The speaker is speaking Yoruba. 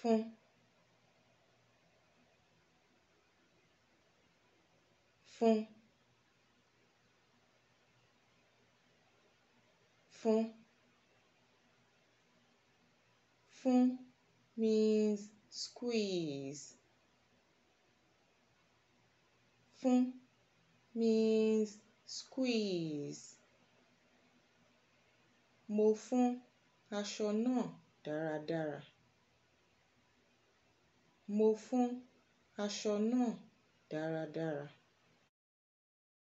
Fun, fun, fun, fun means squeeze Fun means squeeze mo fún aṣọ náà dáradára mo fún aṣọ náà dáradára